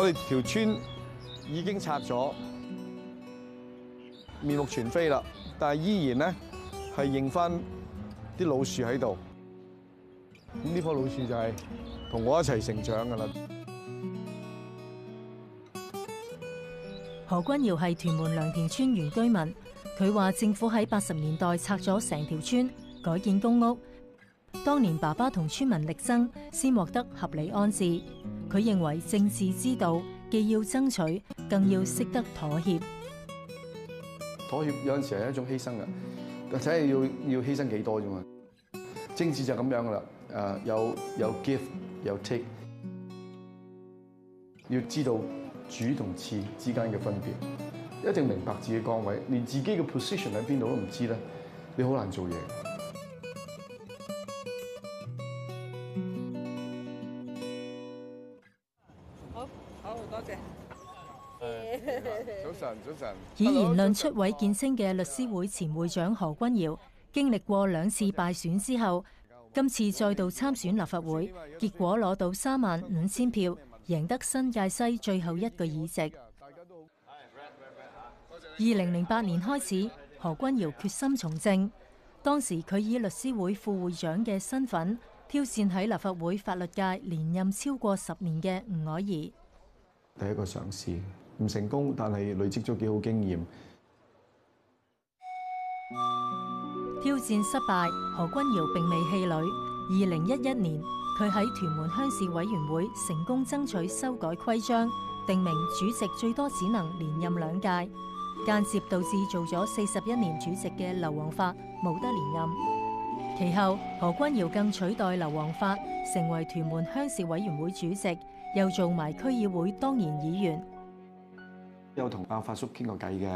我哋條村已經拆咗，面目全非啦。但係依然咧，係認翻啲老樹喺度。咁呢棵老樹就係同我一齊成長㗎喇。何君堯係屯門良田村原居民，佢話政府喺八十年代拆咗成條村，改建公屋。當年爸爸同村民力爭，先獲得合理安置。佢認為政治之道既要爭取，更要識得妥協。妥協有陣時係一種犧牲噶，睇下要要犧牲幾多啫嘛。政治就咁樣噶啦，誒有有 give 有 take，要知道主同次之間嘅分別，一定明白自己的崗位，連自己嘅 position 喺邊度都唔知咧，你好難做嘢。多謝早晨，早晨。以言論出位見稱嘅律師會前會長何君堯，經歷過兩次敗選之後，今次再度參選立法會，結果攞到三萬五千票，贏得新界西最後一個議席。二零零八年開始，何君堯決心從政。當時佢以律師會副會長嘅身份挑戰喺立法會法律界連任超過十年嘅吳靄儀。第一個嘗試唔成功，但係累積咗幾好經驗。挑戰失敗，何君堯並未氣餒。二零一一年，佢喺屯門鄉事委員會成功爭取修改規章，定名主席最多只能連任兩屆，間接導致做咗四十一年主席嘅劉皇發冇得連任。其後，何君堯更取代劉皇發成為屯門鄉事委員會主席。又做埋區議會當然議員，又同阿發叔傾過計嘅，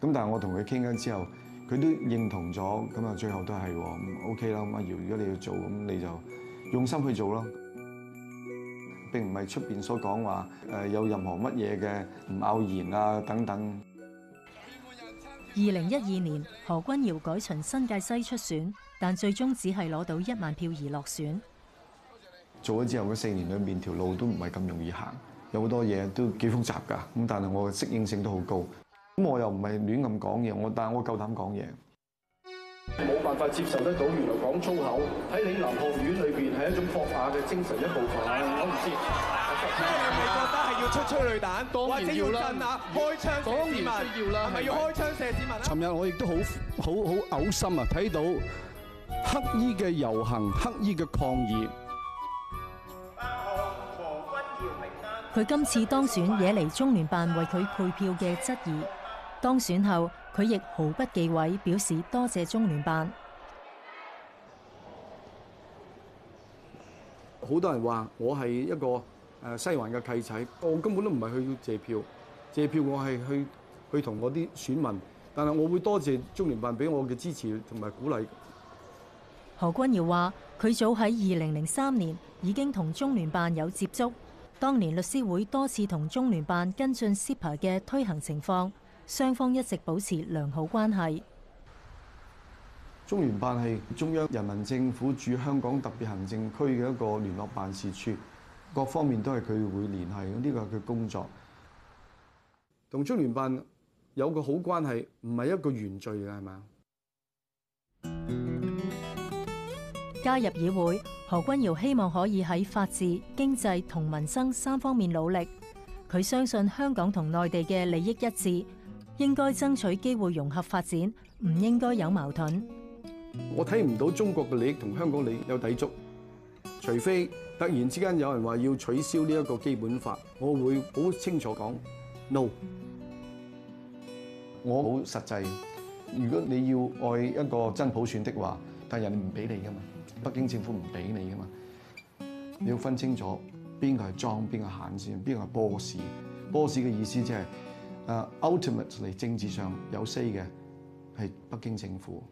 咁但係我同佢傾咗之後，佢都認同咗，咁啊最後都係咁 OK 啦。咁阿堯，如果你要做，咁你就用心去做咯。並唔係出邊所講話誒有任何乜嘢嘅唔偶然啊等等。二零一二年，何君堯改循新界西出選，但最終只係攞到一萬票而落選。做咗之後嗰四年裏面條路都唔係咁容易行，有好多嘢都幾複雜㗎。咁但係我嘅適應性都好高。咁我又唔係亂咁講嘢，我但係我夠膽講嘢。冇辦法接受得到，原來講粗口喺嶺南學院裏邊係一種文化嘅精神一部分的。我唔知你覺得係要出催淚彈，當然要啦，或者要鎮壓，開槍射市民，係咪要，要開槍射市民？尋日我亦都好好好嘔心啊！睇到黑衣嘅遊行，黑衣嘅抗議。佢今次當選惹嚟中聯辦為佢配票嘅質疑，當選後佢亦毫不忌諱，表示多謝中聯辦。好多人話我係一個誒西環嘅契仔，我根本都唔係去借票，借票我係去去同我啲選民，但係我會多謝中聯辦俾我嘅支持同埋鼓勵。何君耀話：佢早喺二零零三年已經同中聯辦有接觸。當年律師會多次同中聯辦跟進 SIPA 嘅推行情況，雙方一直保持良好關係。中聯辦係中央人民政府駐香港特別行政區嘅一個聯絡辦事處，各方面都係佢會聯繫，呢個係佢工作。同中聯辦有個好關係，唔係一個原罪嘅係咪？加入議會。何君堯希望可以喺法治、經濟同民生三方面努力。佢相信香港同內地嘅利益一致，應該爭取機會融合發展，唔應該有矛盾。我睇唔到中國嘅利益同香港利益有抵觸，除非突然之間有人話要取消呢一個基本法，我會好清楚講 no。我好實際，如果你要愛一個真普選的話，但人唔俾你噶嘛。北京政府唔俾你㗎嘛，你要分清楚邊個係莊，邊、hmm. 個閒先，邊個係 boss。boss 嘅意思即、就、係、是，誒、uh, ultimately 政治上有 say 嘅係北京政府。